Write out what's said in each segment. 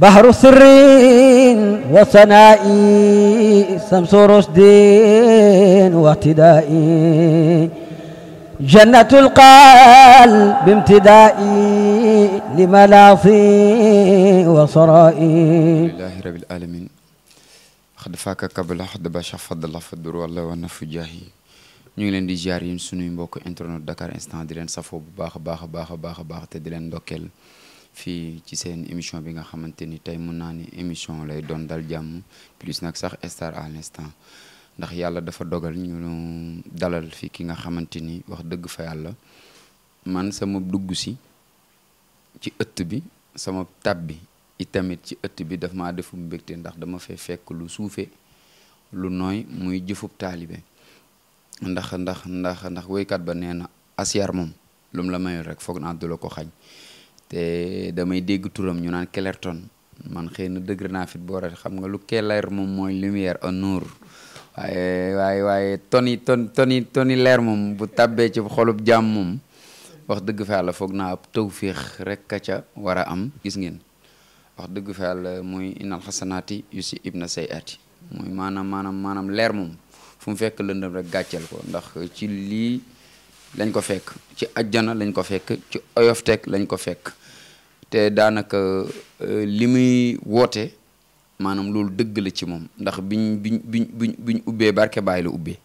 بحر سرين وسنائي سمس رشدين واعتدائي جنة القال بامتدائي لملاصي وصرائي لله رب العالمين خد فاك قبل حد باشا فضل الله فضل الله وانا في جاهي ñu ngi leen di ziar yi suñu mbokk internet dakar instant باخ باخ safoo bu baax a baax fii ci seen émission bi nga xamante ni tey mun naa ni émission lay doon dal jàmm plus nag sax star à l'instant ndax yàlla dafa dogal ñu dalal fi ki nga xamante ni wax dëgg fa yàlla man sama dugg si ci ëtt bi sama tab bi itamit ci ëtt bi daf ma defum mbégte ndax dama fee fekk lu suufee lu nooy muy jëfub taalibe ndax ndax ndax ndax woykat ba nee na asiar moom lu la mayul rek foog naa du ko xañ damay dégg turam ñu naan Clayton man xëy na dëgg naa fit boora xam nga lu Clayr moom mooy lumière au nuur waaye waaye waaye toni ton leer moom bu tàbbee ci xolub jàmm moom wax dëgg fa yàlla foog naa ab tawfiix rek a ca war a am gis ngeen wax dëgg fa muy inal xasanaati yu si ibna say ati muy maanaam maanaam maanaam leer moom fu mu fekk lëndëm rek gàcceel ko ndax ci lii lañ ko fekk ci ajjana lañ ko fekk ci oyofteeg lañ ko fekk te daanaka euh, li muy woote maanaam loolu dëgg la ci moom ndax biñ biñ biñ biñ biñ ubbee barke baay la ubbee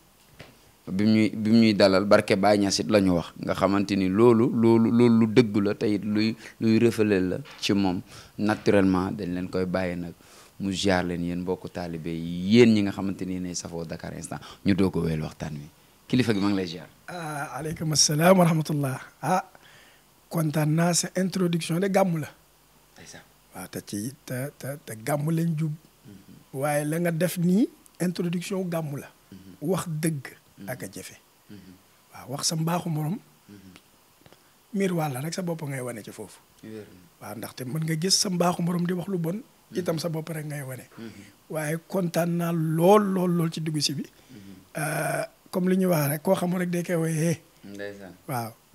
bi ñuy bi ñuy dalal barke baay ñasit la ñu wax nga xamante ni loolu loolu loolu lu dëgg la teyit luy luy rëfaleel la ci moom naturellement dañ leen koy bàyyi nag mu jaar leen yéen mbokku taalibe yi yéen ñi nga xamante ni ne safoo Dakar instant ñu doog a wéyal waxtaan wi kilifa gi ma ngi lay jaar. Ah, aleykum asalaam wa kontaan sa introduction de gàmm la. wa ta ci ta ta ta gàmm lañ djub mm-hmm. waye la nga def ni introduction gàmm la. Mm-hmm. wax deug mm-hmm. ak jafé wa wax sa mbaxu morom. mir wala rek sa bop ngay wane ci wa ndax te man nga gis sa mbaxu morom di wax lu bon. itam sa bop rek ngay wane. waye kontaan lol lol lol ci dugusi bi bi. Euh, comme liñu wax rek ko xamul rek day kay woyee. ndaysan waaw.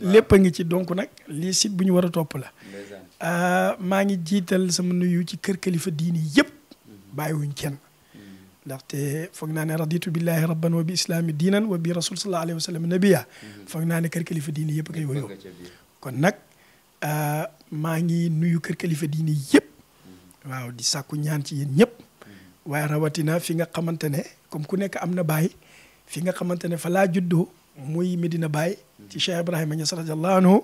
lépp a ngi ci donc nag lii site bu ñu war a topp la. Ah, maa ngi jiital sama nuyu ci kër kalifa diini yëpp. Mhm. bàyyiwuñ kenn. Mhm. ndaxte foog naa ne raditu billahi rabban wa bi islaami diinan wa bi rasul sallallahu alayhi wa nabiya mhm. foog naa ne kër kalifa diini yëpp kay woyoo kon nag ah, maa ngi nuyu kër kalifa diini yëpp. waaw di sàkku ñaan ci yéen ñëpp. waaye rawatina fi nga xamante ne comme ku nekk am na baay fi nga xamante ne fa laa juddoo. muy Medina Baye ci Cheikh Ibrahima Niass radiallahu anhu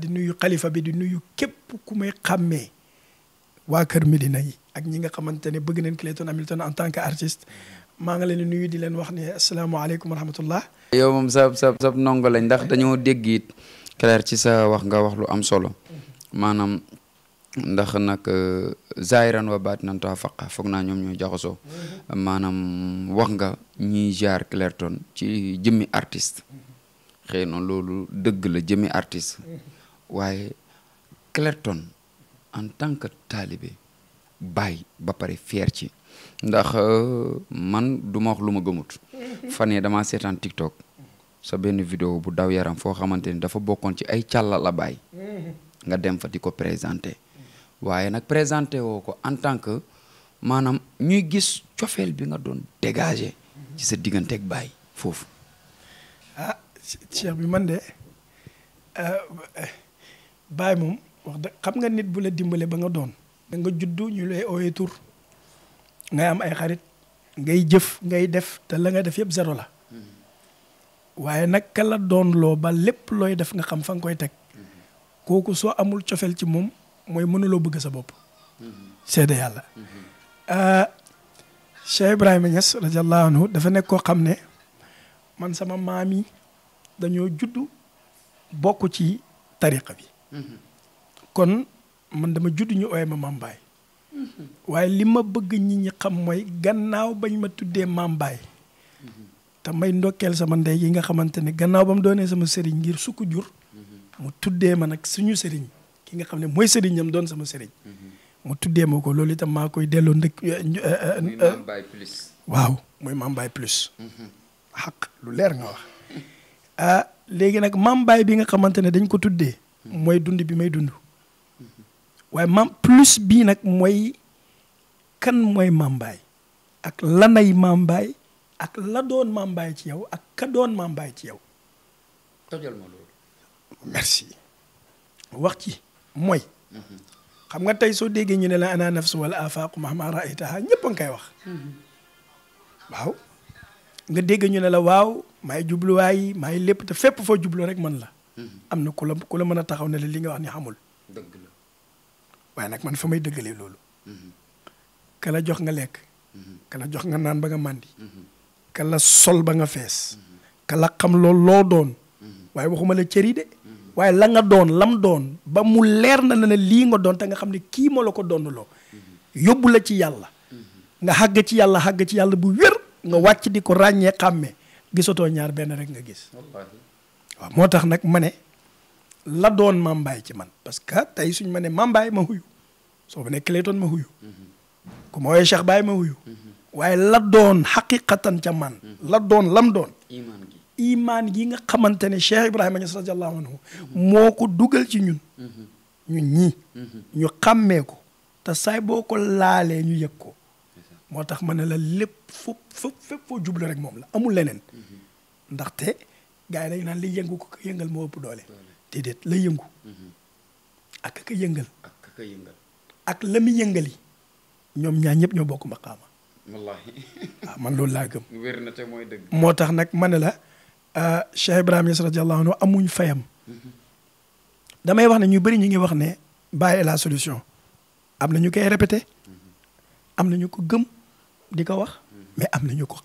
di nuyu xalifa bi di nuyu képp ku may xàmmee waa kër Medina yi ak ñi nga xamante ne bëgg nañ Clayton Hamilton en tant que artiste maa ngi leen di nuyu di leen wax ne asalaamaaleykum wa rahmatullah yow moom sab sab sab ndongo lañ ndax dañoo dégg ci sa wax nga wax lu am solo mm-hmm. maanaam ndax nag euh, zaahiran wa baatinan tawaafaqa foog naa ñoom ñoo jaxasoo maanaam wax nga ñiy jaar Clayton ci jëmmi artiste xëy na loolu dëgg la jëmmi artiste waaye Clayton en tant que taalibe bàyyi ba pare fier ci ndax euh, man du ma wax lu ma gëmut fan yii damaa seetaan TikTok sa benn vidéo bu daw yaram foo xamante ni dafa bokkoon ci ay càlla la nga dem fa di ko waaye nag présenté woo ko en tant que maanaam ñuy gis cofeel bi nga doon dégager ci sa digganteeg baay foofu. ah Cheikh bi man de euh, baay moom wax dëgg xam nga nit bu la dimbale ba nga doon da nga juddu ñu lay ooyee tur ngay am ay xarit ngay jëf ngay def te la nga def yëpp zéro la waaye nag ka la doon loo ba lépp looy def nga xam fa nga koy teg kooku soo amul cofeel ci moom. mënu lo bëgg sa cede yalla euh Cheikh Ibrahim Niass radiyallahu anhu dafa nek ko xamne ne man sama mami dañu juddu bokku ci tariqa bi. kon man dama juddu ñu ooyee ma mam bay waye li ma bëgg ñi ñi xam moy gannaaw bañ ma tuddé mam bay ta may ndokkeel sama ndey yi nga xamantene gannaaw bam doone sama sëriñ ngir sukku jur. mu tuddé ma nak suñu sëriñ. ki nga xam ne mooy sëriñam doon sama sëriñ. Mm-hmm. mu tuddee ma ko loolu itam maa koy delloo ndëkk. Eh, eh, eh, plus. waaw mooy Maam Baye plus. Mm-hmm. lu leer nga wax. Ah, léegi nag Maam bi nga xamante ne dañ ko tuddee. Mm-hmm. mooy dund bi may dund. waaye Maam plus bii nag mooy kan mooy Maam Baye ak lanay Maam Baye ak la doon Maam Baye ci yow ak ka doon Maam Baye ci yow. tojal ma loolu. ci. mooy mhm. xam nga tey soo déggee ñu ne la ana nafsu wala afaqu mahma raaytaha ñëpp a nga koy wax mhm. waaw nga dégg ñu ne la waaw maay jubluwaay maay lépp te fépp foo jublu rek man la mhm. am na ku la ku la mën a taxaw ne la li nga wax ni xamul dëgg waaye nag man fa may dëggalee loolu kala jox nga lekk kala jox nga naan ba nga màndi kala sol ba nga fees kala xam loolu loo doon waaye waxuma la cëri de waaye la nga doon lam doon ba mu leer na la ne lii nga doon te nga xam ne kii moo la ko doon loo yóbbu la ci yàlla nga xagg ci yàlla xagg ci yàlla bu wér nga wàcc di ko ràññee xàmmee gisatoo ñaar benn rek nga gis moo tax nag ma ne la doon mambaay ci man parce que tey suñ ma ne mambaay ma huyu soo ma ne Clayton ma huyu ku ma woowee Cheikh ma huyu mhm. waaye la doon xaqiqatan ca man la doon lam doon iman gi nga xamantene Cheikh Ibrahima Niass radiallahu anhu moo ko dugal ci ñun ñun ñi ñu xamé ko ta say boko laalé ñu yëg ko motax mané la lepp fop fop fop fo jublu rek mom la amul lenen ndax té gaay dañu nan li yengu ko yengal mo upp doole la yengu ak ka yengal ak ka yengal ak la yengali ñom ñaan ñep ñoo bokk maqama wallahi ah, man loolu la gëm wërna té moy dëgg la Euh, Cheikh Ibrahim Niass dit anhu fayam damay wax ne ñu wax la solution am na ñu répété am ñu ko gëm mais am ñu ko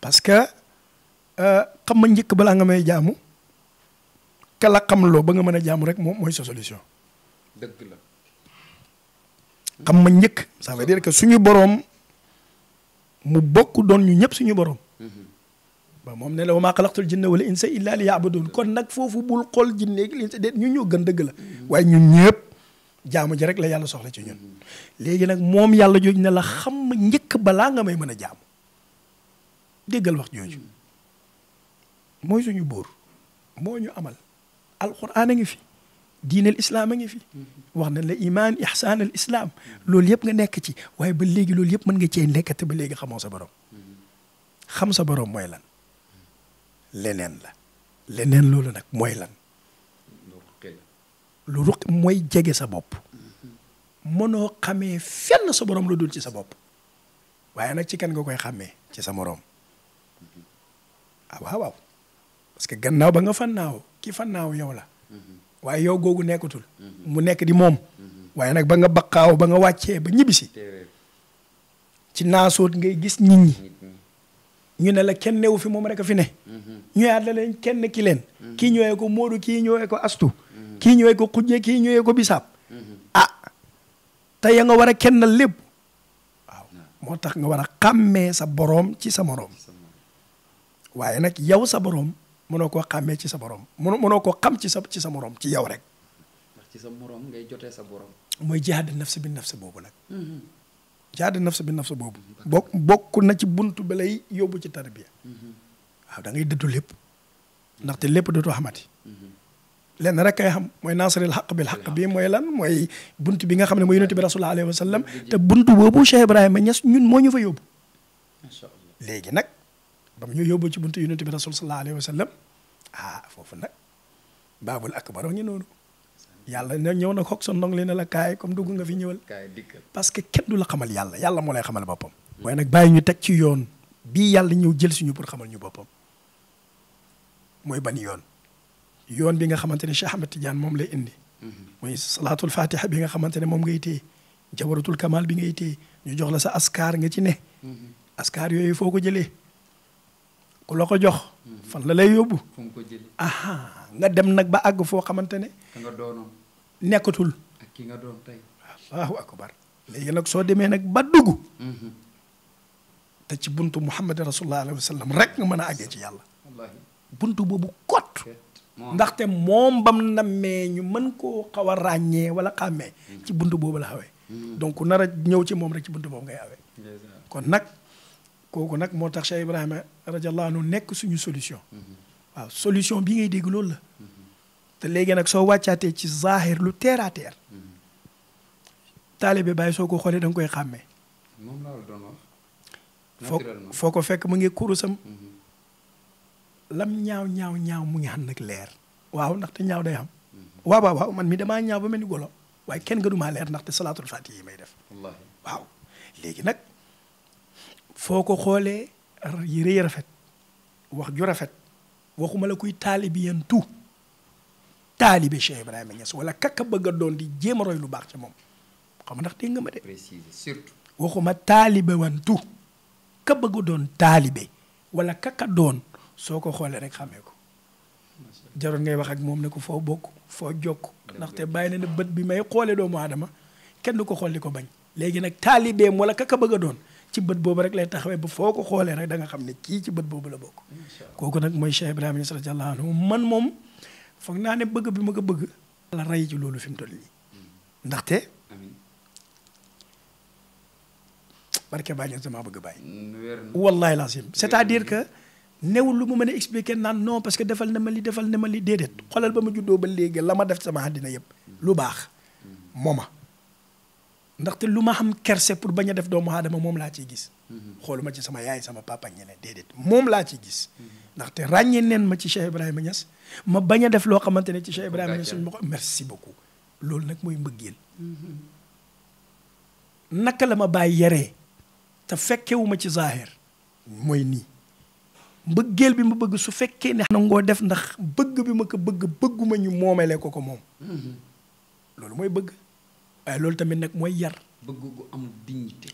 parce que euh, xam ma njëkk bala nga may jaamu kala ba nga a rek solution. dëgg la. ça veut dire que suñu borom mu bokk doon ñu ba moom ne la wa maa xalaqtul jinna wala insa illa li yaabudun kon nag foofu bul xool jinne ak insa déet ñu ñoo gën dëgg la waaye ñun ñëpp jaamu ji rek la yàlla soxla ci ñun léegi nag moom yàlla jooju ne la xam njëkk balaa nga may mën a jaamu déggal wax jooju mooy suñu buur moo ñu amal alquran a ngi fi diinal islaam a ngi fi wax nañ la iman ihsan al islam loolu yëpp nga nekk ci waaye ba léegi loolu yëpp mën nga cee nekkati ba léegi xamoo sa borom sa borom mooy lan leneen la leneen loolu nag mooy lan lu ruq mooy jege sa bopp mënoo xamee fenn sa boroom lu dul ci sa bopp waaye nag ci kan nga koy xàmmee ci sa moroom ah waaw parce que gannaaw ba nga fannaaw ki fannaaw yow la waaye yow googu nekkatul mu nekk di moom waaye nag ba nga baqaaw ba nga wàccee ba ñibbisi ci naasóot ngay gis nit ñu ne la kenn newu fi moom rek a fi ne mm-hmm. ñëwaat la leen kenn ki leen mm-hmm. kii ñëwee ko Modou kii ñëwee ko astu mm-hmm. kii ñëwee ko xujje kii ñëwee ko bisaab ah te ya nga war a kennal lépp waaw moo tax nga war a xàmmee sa boroom ci sa moroom waaye nag yow sa boroom mënoo koo xàmmee ci sa boroom mënoo mënoo koo xam ci sa ci sa moroom ci yow rek ci sa moroom ngay jotee sa boroom mooy jihaad nafsi bi nafsi boobu nag jaada nafs bi nafs boobu bokk bokk na ci buntu bi lay yóbbu ci tarbiya mm-hmm. waaw da ngay dëddu lépp ndaxte lépp dootoo xamati mm-hmm. lenn rek kay xam mooy naasaril xaq bi xaq bi mooy lan mooy bunt bi nga xam ne mooy yonent bi rasulullah alayhi wa mm-hmm. te bunt boobu Cheikh Ibrahima Niass ñun moo ñu fa yóbbu léegi nag ba ñu yóbbu ci buntu yonent bi rasul sallallahu alayhi wa sallam ah foofu nag baabul akbar ngi noonu yàlla na ñëw na xoog sa ndong li ne la kaay comme dugg nga fi ñëwal. kaay dikkal parce que kenn du la xamal yàlla yàlla moo lay xamal boppam. waaye nag bàyyi ñu teg ci yoon bii yàlla ñëw jël suñu pour xamal ñu boppam mooy ban yoon. yoon bi nga xamante ne Cheikh Ahmed Tidiane moom lay indi. Mhm. mooy salaatul fatiha bi nga xamante ne moom ngay téye jawaratul kamal bi nga téye ñu jox la sa askar nga ci ne. Mhm. askar yooyu foo ko jëlee. ku la jox. Mhm. fan la lay yóbbu. fu nga ko jëlee nga dem nag ba àgg foo xamante ne. ki nga nekkatul. ak nga doon tey. allahu akbar léegi nag soo demee nag ba dugg. Mhm. te ci buntu Muhammad rasulullah la wa sallam rek nga mën a àggee ci yàlla. buntu boobu kot. ndaxte moom bam nammee ñu mën koo xaw a ràññee wala xàmmee. Mhm. ci buntu boobu la xawee. Mhm. donc nar a ñëw ci moom rek ci buntu boobu ngay awee kon nag kooku nag moo tax Cheikh Ibrahima radiyallahu anhu nekk suñu solution. waaw solution bi ngay dégg loolu la. te léegi nag soo wàccaatee ci zahir lu terre à terre taalibe soo ko xoolee da koy xàmmee. moom foo ko fekk mu ngi kurusam. Mhm. lam ñaaw ñaaw ñaaw mu ngi ànd nag leer. waaw ndaxte ñaaw day am. Mhm. waaw waaw man mi damaa ñaaw ba mel ni golo waaye kenn gënumaa leer ndaxte salaatul fatiha yi may def. waaw léegi nag foo ko xoolee yére yi rafet wax ju rafet waxuma la kuy taalibe yéen tout. taalibe Cheikh Ibrahima Niass wala kaka bëgg doon di jéem a roy lu baax ci moom xam ndax dégg nga ma de. préciser surtout. waxuma taalibe wantu ka bëgg a doon taalibe wala kaka doon soo ko xoolee rek xamee ko. jaroon ngay wax ak moom ne ko foo bokk foo jokk ndaxte bàyyi na ne bët bi may xoole doomu aadama kenn du ko xool ko bañ léegi nag taalibeem wala kaka bëgg doon ci bët boobu rek lay taxawee ba foo ko xoolee rek da nga xam ne kii ci bët boobu la bokk kooku nag mooy Cheikh Ibrahima Niass radiyallahu anhu man moom foog naa ne bëgg bi ma ko bëgg. la rey ci loolu fi mu toll nii. ndaxte. barke bàyyi ngeen sama bëgg bàyyi. wallahi laasim c'est-à-dire que. newul lu mu mën expliquer naan non parce que defal na ma li defal na ma li déedéet xoolal ba ma juddoo ba léegi la ma def sama àddina yëpp lu baax mm. mooma ndaxte lu ma xam kerse pour bañ a def doomu aadama moom laa ciy gis Mhm. xooluma ci sama yaay sama papa ñeneen dee moom laa ci gis. Mhm. ndaxte ràññee neen ma ci Cheikh Ibrahima Niass ma bañ a def loo xamante ne ci Cheikh Ibrahima Niass suñu ma ko merci beaucoup loolu nag mooy mbëggeel. Mhm. naka la ma bàyyi yare te fekkewuma ci zahir mooy nii mbëggeel bi ma bëgg su fekkee ne ngoo def ndax bëgg bi ma ko bëgg bëgguma ñu moomelee ko ko moom loolu mooy bëgg waaye loolu tamit nag mooy yar bëgg gu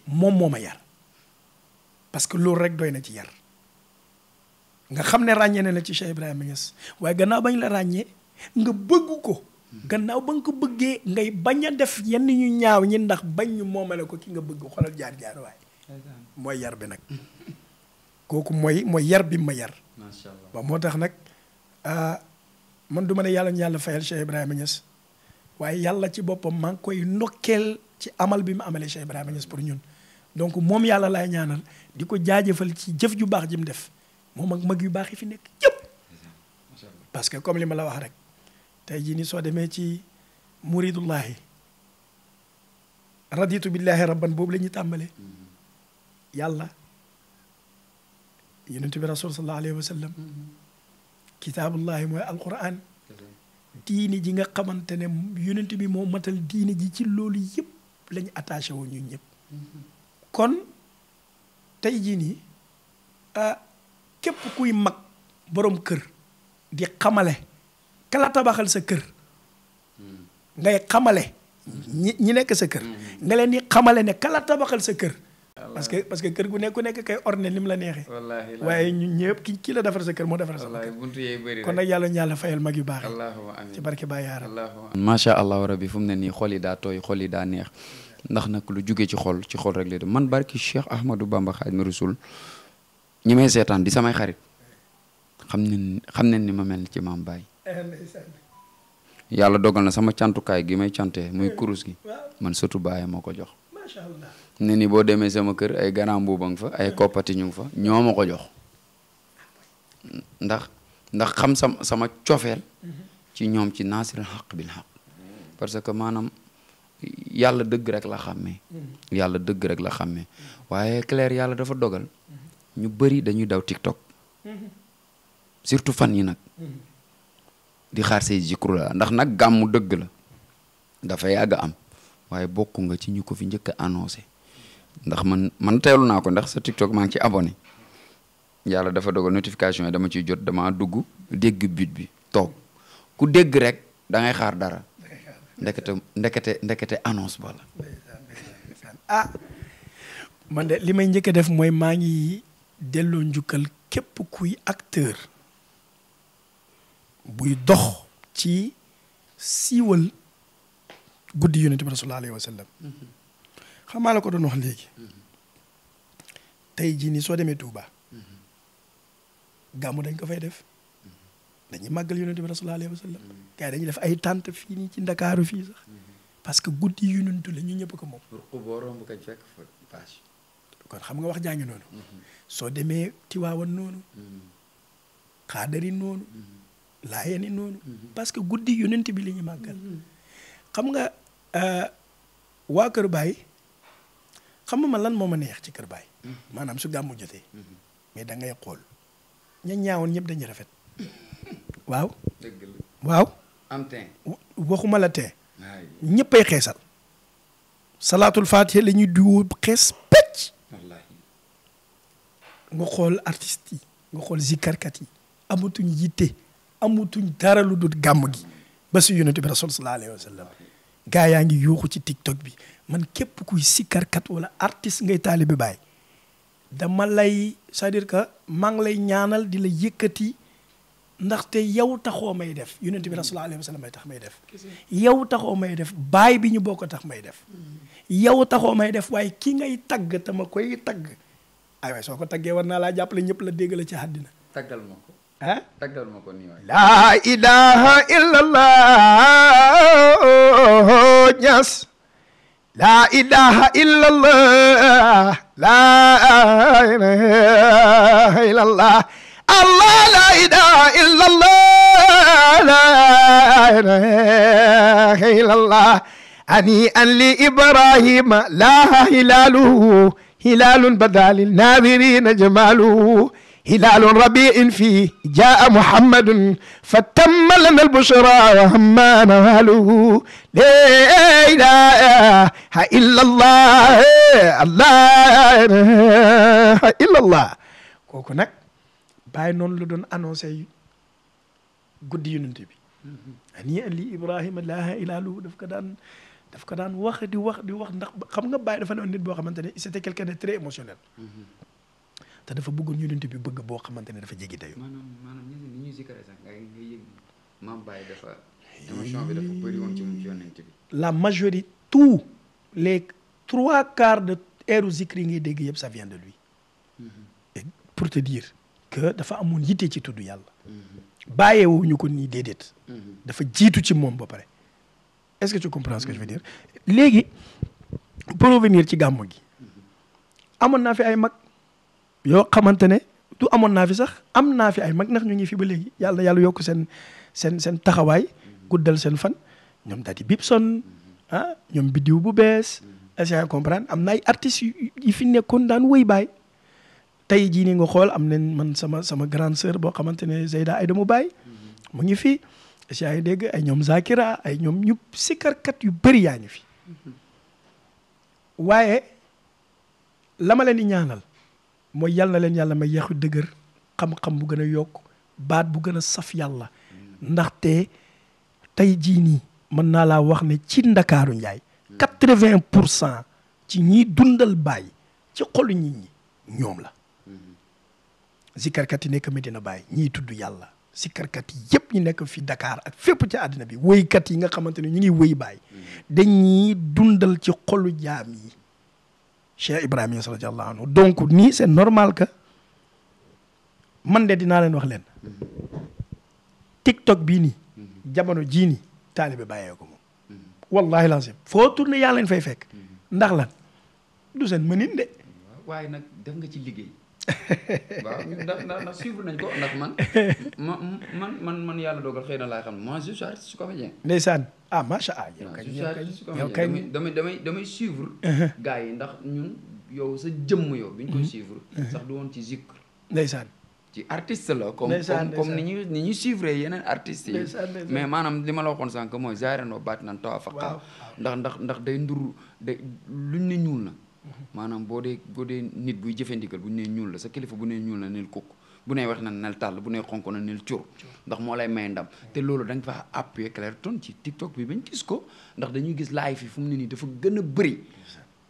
moom moo ma yar parce que loolu rek doy na ci yar nga xam ne ràññee na la ci Cheikh Ibrahima Niass waaye gannaaw bañ la ràññee nga bëgg ko gannaaw ba nga ko bëggee ngay bañ a def yenn ñu ñaaw ñi ndax bañ ñu moomale ko ki nga bëgg xoolal jaar jaar waay mooy yar bi nag kooku mooy mooy yar bi ma yar ba moo tax nag ah, man du ma ne yàlla ñu yàlla fayal Cheikh Ibrahima Niass waaye yàlla ci boppam maa ngi koy ndokkeel ci amal bi mu amalee Cheikh Ibrahima Niass pour ñun donc moom yàlla laay ñaanal di ko jaajëfal ci jëf ju baax ji def moom ak mag yu baax yi fi nekk yëpp. parce que comme li ma la wax rek tey jii ni soo demee ci muridullahi raditu billahi rabban boobu la ñuy tàmbale yàlla yonent bi rasul sallallahu alayhi wa sallam kitaabullahi mooy alquran diini ji nga xamante ne yonent bi moo matal diini ji ci loolu yëpp la ñu attaché wu ñun ñëpp kon tey jii nii ah, képp kuy mag boroom kër di xamale kala tabaxal sa kër ngay xamale ñi ñi nekk sa kër mm-hmm. nga leen di xamale ne kala sa kër parce que parce que kër gu nekk ku nekk kay orne lim la neexee waaye ñun ñëpp ki ki la defar sa kër moo defar sa kër kon nag yàlla ñu yàlla fayal mag yu baax ci barke Baye Yaara macha allah rabbi fu mu ne nii xol yi daa tooy xol yi daa neex ndax nag lu jugee ci xol ci xol rek lay dem man barki Cheikh Ahmadou Bamba Xaadimu Rasuul ñi may seetaan di samay xarit xam nañ xam nañ ni ma mel ci maam Baye. yàlla dogal na sama cantukaay gi may cantee muy kurus gi man surtout baay moo ko jox. ne ni boo demee sama kër ay garaam boobu nga fa ay koppati ñu ngi fa ñoo ma ko jox ndax ndax xam sama sama cofeel mm-hmm. ci ñoom ci naasiril xaq bil xaq parce que maanaam. yàlla dëgg rek la xam xàmmee. Mm-hmm. yàlla dëgg rek la xàmmee waaye claire yàlla dafa dogal mm-hmm. ñu bari dañuy daw TikTok mm-hmm. surtout fan yi nag di xaar say jikru la ndax nag gàmmu dëgg la dafa yàgg am waaye bokk nga ci ñu fi njëkk a ndax man man teelu naa ko ndax sa TikTok maa ngi ci abonné yàlla dafa dogal notification yi dama ciy jot dama dugg dégg bit bi toog ku dégg rek da xaar dara. ndekete ndekete ndekete annonce ba la ah, man de li may njëkk a def mooy maa ngi delloo njukkal képp kuy acteur buy dox ci siiwal guddi yonent bi sallallahu alayhi xamaa la ko doon wax léegi tey jii nii soo demee Touba gàmmu dañ ko fay def dañu magal yunus bi rasulullah alayhi wasallam sallam dañu def ay tante fi ni ci dakar fi sax parce que yunus tu la ñu ñëpp ko pas kon xam nga wax nonu so mm-hmm. soo demee Tiwaawan nonu qadari mm-hmm. nonu mm-hmm. laayani nonu parce que goudi yunus bi li ñu magal xam nga euh, waa kër baay xam nga lan moma neex ci keur bay manam su gamu jote mais da ngay xol ñaawon ñëpp rafet waaw. dëgg la waaw. am teen xeesal. salaatul faatiha la ñuy diwoo xees pecc. nga xool artistes yi nga xool zikarkat yi amatuñ yitte amatuñ dara lu dul gàmm gi ba si yonent bi rasul sallallahu alayhi wa sallam gaa yaa ngi yuuxu ci tiktok bi man képp kuy sikarkat wala artiste ngay taalibe Baay dama lay c'est-à-dire que maa ngi lay ñaanal di la yëkkati te yow taxoo may def yonent bi rasulullah mm. alayhi wasallam may tax may def yow taxoo may def baay bi ñu bokk tax may def mm. yow taxoo may def waaye ki ngay tagg te ma koy tagg ay way soo ko taggee war naa laa jàppale ñëpp la dégg la ci àddina taggal ma ko ah taggal ma ko nii ilaha illallah ñas la. إله إلا الله لا إله إلا الله الله إلا الله لا إله إلا الله هنيئا لإبراهيم لا هلاله هلال بدال الناظرين جماله هلال ربيع فيه جاء محمد فتم لنا البشرى وهما نواله لا اله الا الله الله الا الله كوكو bay non la doon annoncé guddi yonente bi mm-hmm. ani ali ilaha illa ilaalu daf ka dan daf ka dan wax di wax di wax ndax xam nga bay dafa non nit bo xamante c'était quelqu'un de très émotionnel mm-hmm. ta dafa bëggoon yonente bi bëgg bo xamante dafa jéggi dayo manam manam ñi ñuy sikkare sax ngay ngay yëg maam bàyyi dafa émotion bi dafa bëri won ci yonente bi la majorité tout les trois quarts de eeru zikri ngay dégg yëpp ça vient de lui mm-hmm. et pour te dire que dafa amone yité ci yalla yàlla. bàyyeewuñu ko nii déedéet. dafa jitu ci mom ba pare. est-ce que tu comprends ce que je veux dire légui pour revenir ci gàmmu gi. amone na fi ay mag yo xamante du amone na fi sax am fi ay mag nak ñu ngi fi ba légui yalla yalla yok sen sen sen taxaway guddal sen fan ñom dadi di Bibson ah bidiw bu bees. est-ce que tu am amna ay artistes yi fi nekkon daan wëy baay. tey jii nii nga xool am nañ man sama sama grande sœur boo xamante ne Zeyda ay doomu baay mu ngi fi yaa ngi dégg ay ñoom Zakira ay ñoom ñu sikkarkat yu bari yaa ngi fi mm-hmm. waaye la ma leen di ñaanal mooy yal na leen yàlla may yéexu dëgër xam-xam bu gën a yokk baat bu gën a saf yàlla mm-hmm. ndaxte tey jii nii mën naa laa wax ne ci ndakaaru njaay mm-hmm. quatre-vingt pour cent ci ñiy dundal baay ci xolu nit ñi ñoom la kat yi nek medina baay ñii tudd yalla, sikarkat yi yépp ñi nek fi dakar ak fepp ci àddina bi kat yi nga xamanteni ñi ngi wey bay mm. dañuy dundal ci xolu jaam yi cheikh ibrahim sallallahu anhu donc ni c'est normal que man de dina len wax len tiktok bi ni, mm-hmm. jamono ji ni talibé bayé ko moom mm-hmm. wallahi lazim fo tourner yaa len fay fek mm-hmm. ndax lan du sen mënin de nak def nga ci liggéey waaw ndax ndax suivre nañ ko ndax man ma man man man yàlla dogal xëy na laa xam moi je suis artiste comédien. ndeysaan ah macha allah. yow kay damay damay damay suivre. Uh-huh. gars yi ndax ñun yow sa jëmm yow. bi ñu koy uh-huh. suivre. Uh-huh. sax du woon ci zikr. ndeysaan. ci artiste la comme comme ni ñu ni ñu suivre yeneen artist yi. mais maanaam li ma la waxoon sànq mooy zaareno baat nan fa ndax ndax ndax day nduru day luñ ne ñuul na. maanaam boo dee boo dee nit buy jëfee ndigal bu ñu nee ñuul la sa kilifa bu nee ñuul la neel kukk bu nee weex na nel tàll bu nee xonk na nel cur ndax moo lay may ndam hmm. te loolu da fa faa appuyer Clayton ci TikTok bi bañ gis ko ndax dañuy gis live yi fu mu ne nii dafa gën a bëri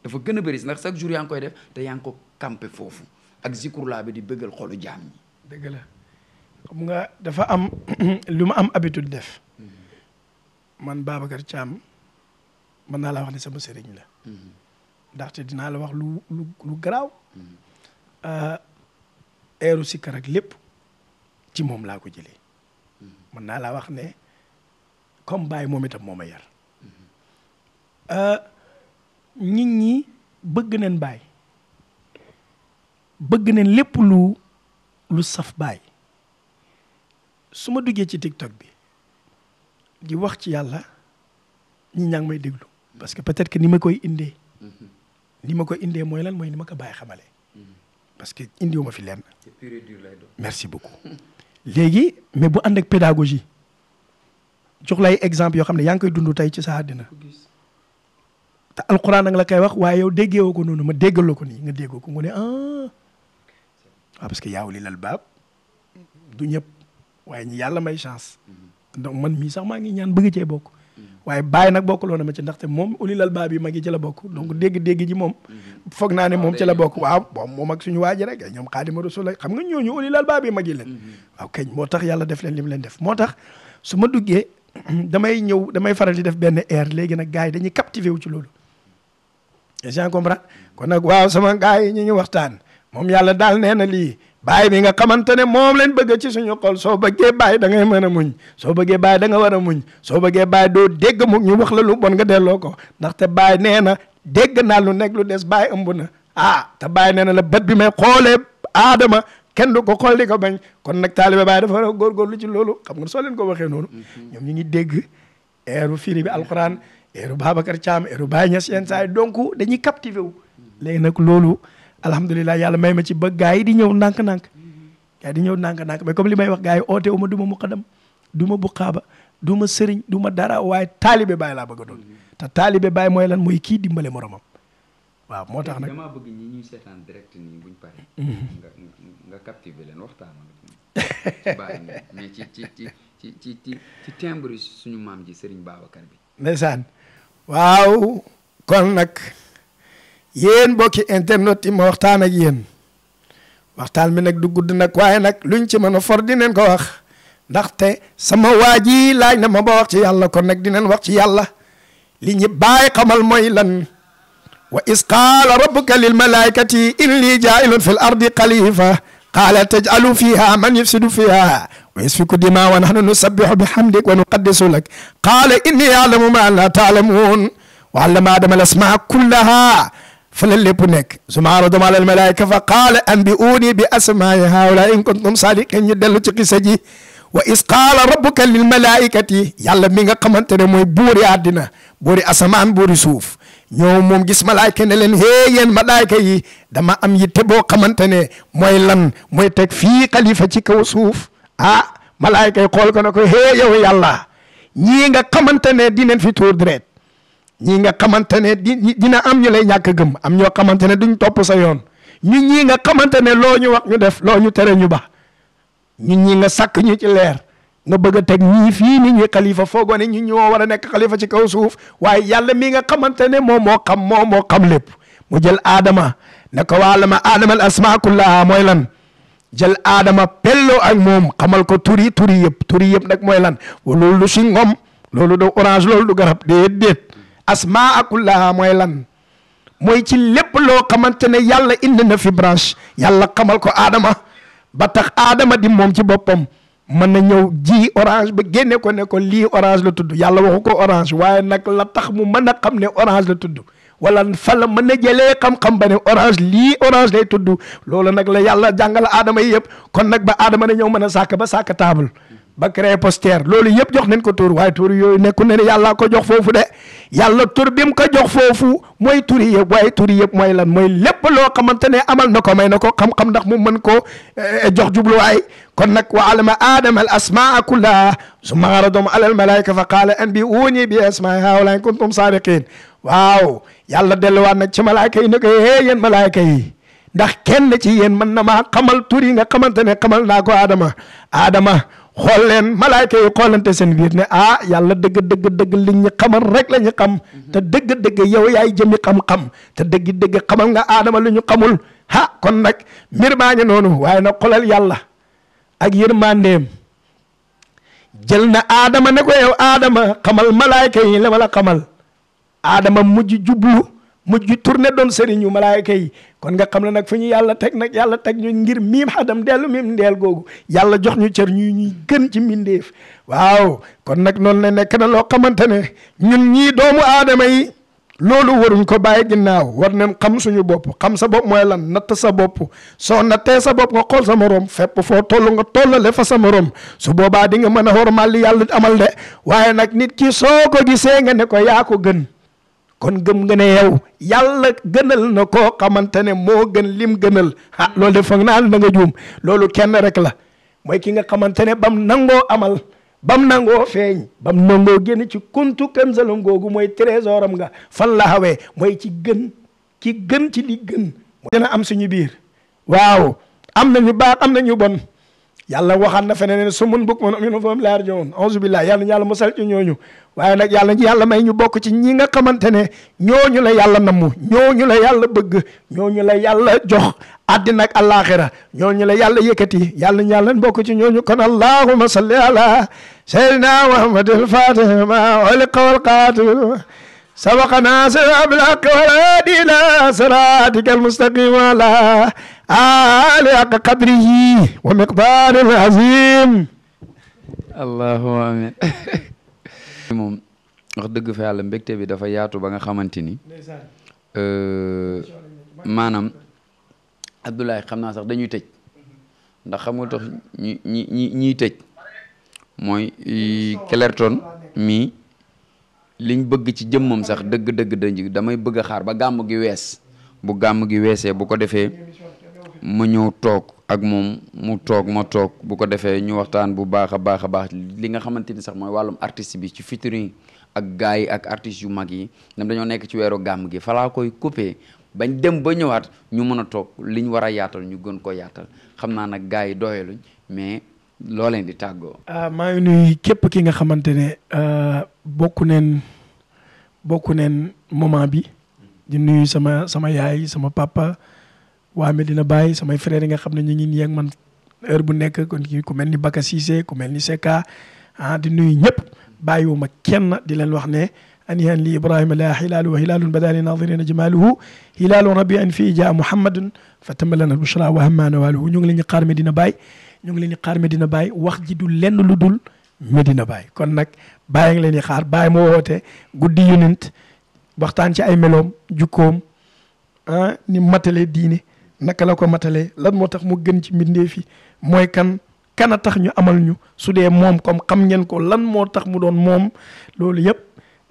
dafa gën a bëri ndax chaque jour yaa ngi koy def te yaa ko campé foofu ak zikurlaa bi di bëggal xolu jaam ñi la xam nga dafa am lu ma am habitude def hmm. man Babacar Thiam mën naa laa wax ne sama sëriñ la hmm. ndaxte dinaa la wax lu lu lu garaaw mm-hmm. euh, eeru sikkar rek lépp ci moom laa ko jëlee mm-hmm. mën naa laa wax ne comme bàyyi moom itam moo ma yar mm-hmm. euh, nit ñi bëgg neen baay bëgg neen lépp lu lu saf baay su ma duggee ci TikTok bi di wax ci yàlla ñi ñaa ngi may déglu parce que peut-être que ni ma koy indee ni ma ko indee mooy lan mooy ni ma ko bàyyi parce que indiwu ma fi lenn. merci beaucoup. léegi mais bu ànd ak pédagogie jox lay exemple yoo xam ne yaa ngi koy dund tey ci sa àddina te alxuraan nga la koy wax waaye yow déggee woo ko noonu ma déggal la ko nii nga déggoo ko ne ah. waaw parce que yaaw li baab du ñëpp waaye ñi yàlla may chance mm-hmm. donc man mii sax maa ngi ñaan bëgg cee bokk. waaye bàyyi nag bokkuloon na ma ci ndaxte moom ulilal baa bi magi ci la bokk donc dégg-dégg ji moom mhm. foog naa ne moom ci la ah, bokk waaw bon moom ak suñu waa ji rek ñoom xaadima rasul xam nga ñooñu ulilal baa bi magi leen mhm. waaw kañ moo tax yàlla def leen li mu leen def moo tax su ma duggee damay ñëw damay faral di def benn air léegi nag gars yi dañuy captivé wu ci loolu est-ce que kon nag waaw sama gars yi ñu ngi waxtaan moom yàlla daal nee na lii baay bi nga xamante ne moom leen bëgg ci suñu xol soo bëggee baay da ngay mën muñ soo bëggee baay da nga war a muñ soo bëggee baay doo dégg mu ñu wax la lu bon nga delloo ko ndaxte baay nee na dégg naa lu nekk lu des baay ëmb na ah te baay nee na la bët bi may xoolee aadama kenn du ko xool di ko bañ kon nag taalibe baay dafa war a lu ci loolu xam nga soo leen ko waxee noonu mhm. ñoom ñu ngi dégg eeru firi bi alquran eeru Babacar Thiam eeru Baye Niass yenn saa yi donc dañuy captivé wu mhm. léegi nag loolu alhamdulilah yàlla may ma ci ba gars yi di ñëw ndànk-ndànk gars yi di ñëw ndànk-ndànk mais comme li may wax gars yi oote wu ma du ma muqadam du ma buqaaba du sëriñ du ma dara waaye taalibe baay laa bëgg a doon te taalibe baay mooy lan mooy kii dimbale moromam waaw moo tax nag damaa bëgg ñi ñuy seetaan direct nii buñ paree. Mhm. nga nga leen waxtaan ci baay mais ci ci ci ci ci ci suñu maam ji Serigne Babacar bi. ndeysaan waaw kon yéen bokki internet yi ma waxtaan ak yéen waxtaan mi nag du gudd nag waaye nag luñ ci mën a for dinañ ko wax ndaxte sama waa ji laaj na ma ba wax ci yàlla kon nag dinañ wax ci yàlla li ñi bàyyi xamal mooy lan wa is qaala rabbuka lil malaikati inni jailun fil ardi xalifa qaala taj'alu fiha man yufsidu fiha ويسفك yasfiku ونحن نسبح بحمدك ونقدس لك قال إني أعلم ما لا تعلمون وعلم آدم الأسماء كلها فللي بنك ثم عرض على الملائكة فقال أنبئوني بأسماء هؤلاء إن كنتم صادقين يدلو تقي وإذ قال ربك للملائكة يلا ميغا قمان تري بوري عدنا بوري أسمان بوري سوف يوم موم جس ملائكة لين هيين ملائكة يي دما أم يتبو قمان تري موي لن موي تك في قليفة تكو سوف آه ملائكة يقول كنكو هي يو يلا نيغا قمان تري دينن في تور ñi nga xamante ne di dina am ñu lay ñàkk gëm am ñoo xamante ne duñ topp sa yoon ñun ñii nga xamante ne loo ñu wax ñu def loo ñu tere ñu ba ñun ñii nga sakk ñu ci leer nga bëgg a teg ñii fii ñuy xalifa foogoo ne ñu ñoo war nekk xalifa ci kaw suuf waaye yàlla mii nga xamante ne moom moo xam moo moo xam lépp mu jël aadama ne ko ma aadama al asmaa kullaha mooy lan jël aadama pelloo ak moom xamal ko turi turi yëpp turi yëpp nag mooy lan loolu du loolu du loolu du garab asmaa kullaha mooy lan mooy ci lépp loo xamante ne yàlla indi na fi branche yàlla xamal ko aadama ba tax aadama di moom ci boppam mën na ñëw ji orange ba génne ko ne ko lii orange la tudd yàlla waxu ko orange waaye nag la tax mu mën a xam ne orange la tudd wala fa la mën a jëlee xam-xam ba ne orange lii orange lay tudd loolu nag la yàlla jàngal adama yi yëpp kon nag ba adama na ñëw mën a sàkk ba sàkk table ba créer poster loolu yëpp jox nañ ko tur waaye tur yooyu nekku ne yàlla ko yàlla tour bim ko jox fofu moy tour yeb way tour yeb moy lan moy lépp lo xamantene amal nako may nako xam-xam ndax mu man ko jox djublu way kon nak wa alama adam al asmaa kullaha summa aradum ala al malaika fa qaala anbiuuni bi asmaa haula in kuntum sabiqin waaw yàlla delu wat nak ci malaika yi ne he yen malaika yi ndax kenn ci yen man na ma xamal tour yi nga xamantene xamal nako Adama Adama xool leen malaayka yi xoolante seen biir ne ah yàlla dëgg dëgg dëgg li ñu rek la ñu xam te dëgg dëgg yow yaay jëmi xam-xam te dëgg dëgg xamal nga aadama lu ñu ha kon nag mbir maa noonu waaye nag xoolal yàlla ak yërmandeem jël na aadama ne ko yow aadama xamal malaayka yi la ma la xamal aadama mujj jublu mujj tourné doon sëriñu malaayka yi kon nga xam ne nag fu ñu yàlla teg nag yàlla teg ñu ngir miim xadam dellu miim ndeel googu yàlla jox ñu cër ñu ñuy gën ci mbindeef waaw kon nag noonu la nekk na loo xamante ne ñun ñii doomu aadama yi loolu waruñ ko bàyyi ginnaaw war nañ xam suñu bopp xam sa bopp mooy lan natt sa bopp soo nattee sa bopp nga xool sa morom fépp foo toll nga tollale fa sa morom su boobaa di nga mën a xormal li yàlla amal de waaye nag nit ki soo ko gisee nga ne ko yaa ko gën kon gëm nga ne yow yàlla gënal na koo xamante ne moo gën lim gënal ah loolu de foog naa da nga juum loolu kenn rek la mooy ki nga xamante ne bam nangoo amal bam nangoo feeñ bam nangoo génn ci kuntu kënsalam googu mooy trésoram nga fan la xawee mooy ci gën ki gën ci li gën dina am suñu biir waaw am nañu baax am nañu bon yàlla waxaan na feneen ne sumun bukmun umyun fahum laa yarji'uun auzu billahi yàlla yàlla musal ci ñooñu waaye nag yàlla yàlla may ñu bokk ci ñi nga xamante ne ñooñu la yàlla namm ñooñu la yàlla bëgg ñooñu la yàlla jox àddina ak àllaaxira ñooñu la yàlla yëkkati yàlla yàlla bokk ci ñooñu kon allahumma salli ala sayyidina muhammadil faatihi maa ughliqa wal xaatimi sabaqa naasiril haqqi wal haadi ilaa siraatikal mustaqiim aali haqa qadrihi wa miqdaaril aziim allahumma amin moom wax dëgg fa yàlla mbégte bi dafa yaatu ba nga xamante ni euh, maanaam Abdoulaye xam naa sax dañuy tëj ndax xam nga tax ñi mooy kelerton mii liñ bëgg ci jëmmam sax dëgg dëgg damay bëgg a xaar ba gàmm gi wees bu gàmm gi weesee bu ko defee ma ñëw toog ak moom mu toog ma toog bu ko defee ñu waxtaan bu baax a baax a baax li nga xamante ni sax mooy wàllum artiste bi ci featuring ak gars yi ak artistes yu mag yi nam dañoo nekk ci weeru gàmm gi falaa koy coupé bañ dem ba ñëwaat ñu mën a toog li ñu war a yaatal ñu gën ko yaatal xam naa nag gars yi doyaluñ mais loo leen di tàggoo. Ah, maa ngi nuyu képp ki nga xamante ne ah, bokku neen bokku neen moment bi di nuyu sama sama yaay sama papa. waa Medina Baye samay frères yi nga xam ne ñu ngi nii ak man heure bu nekk kon kii ku mel ni Baka Cissé ku mel ni Seka ah di nuyu ñëpp bàyyiwuma kenn di leen wax ne anihan li ibrahima la hilaalu wa hilaalun badali nadirina jamaaluhu hilaalu rabi an fii jaa muhammadun fa tamalana lbushra wa hamma nawaaluhu ñu ngi leen di xaar Medina Baye ñu ngi leen di xaar Medina Baye wax ji du lenn lu dul Medina Baye kon nag Baye ngi leen di xaar Baye moo woote guddi yonent waxtaan ci ay meloom jukkoom ah ni matale diine naka la ko matalee lan moo tax mu gën ci mbindeef fii mooy kan kana tax ñu amal ñu su dee moom comme xam ngeen ko lan moo tax mu doon moom loolu yëpp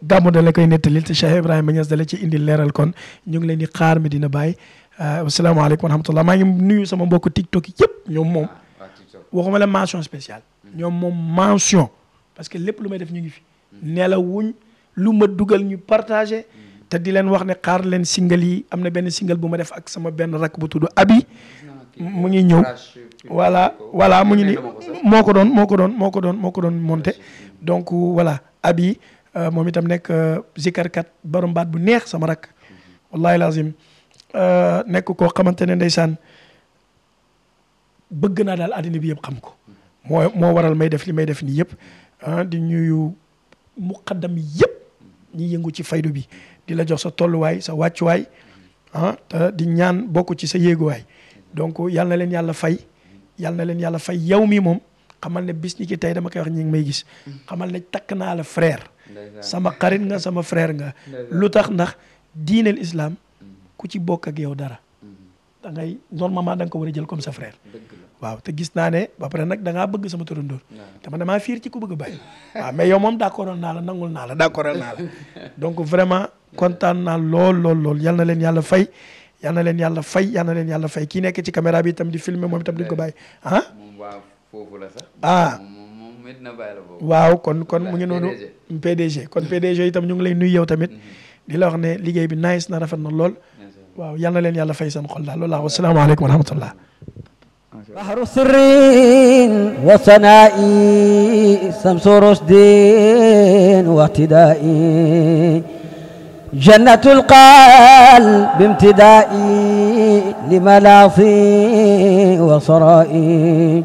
gàmmu dala koy nettalil te Cheikh Ibrahima Niass dala ci indi leeral kon ñu ngi leen di xaar mi dina bàyyi euh, asalaamaaleykum wa rahmatulah maa ngi nuyu sama mbokku TikTok yi yëpp ñoom moom. Ah, waxuma la mention spéciale. Hmm. ñoom moom mention. parce que lépp lu may def ñu ngi fi. Hmm. nelawuñ lu ma dugal ñu partage hmm. te di leen wax ne xaar leen single yi am na benn single bu ma def ak sama benn rakk bu tudd Abi mu ngi ñëw voilà voilà mu ngi ni moo ko doon moo ko doon moo ko doon moo ko doon monté donc voilà Abi euh, moom itam nekk euh, zikarkat borom baat bu neex sama rakk wallahi lazim euh, nekk koo xamante ne ndeysaan bëgg naa daal àddina bi yëpp xam ko moo moo waral may def li may def nii yëpp ah, di ñuyu muqaddam yëpp ñi yëngu ci faydu bi di la jox sa tolluwaay sa wàccuwaay ah te di ñaan bokk ci sa yéeguwaay donc yal leen yàlla fay yal na leen yàlla fay yow mii moom xamal ne bis ni tey dama koy wax ñi ngi may gis xamal ne takk naa la freer sama karin nga sama frère nga lu tax ndax diineel islam ku ci bokk ak yow dara mm-hmm. da ngay normalement da nga ko war a jël comme sa frère waaw te gis naa ne ba pare nag da ngaa bëgg sama turandoor te man damaa fiir ci ku bëgg a bàyyi waaw mais yow moom d'accordoon naa la nangul naa la d'accordoon naa la kontaan naa lool lool lool yal na leen yàlla fay yal na leen yàlla fay yal na yàlla fay kii nekk ci caméra bi tam di filmer moom itam duñ ko bàyyi ah. ah waaw kon kon mu ngi noonu PDG kon PDG tam ñu ngi lay nuyu yow tamit mhm. di la wax ne liggéey bi nice na rafet na lool waaw yal leen yàlla fay seen xol daal loolu laa wasalaamaaleykum wa rahmatullah بحر سر وصنائي سمس رشد واعتدائي جنة القلب امتدائي لملاصي وصرائي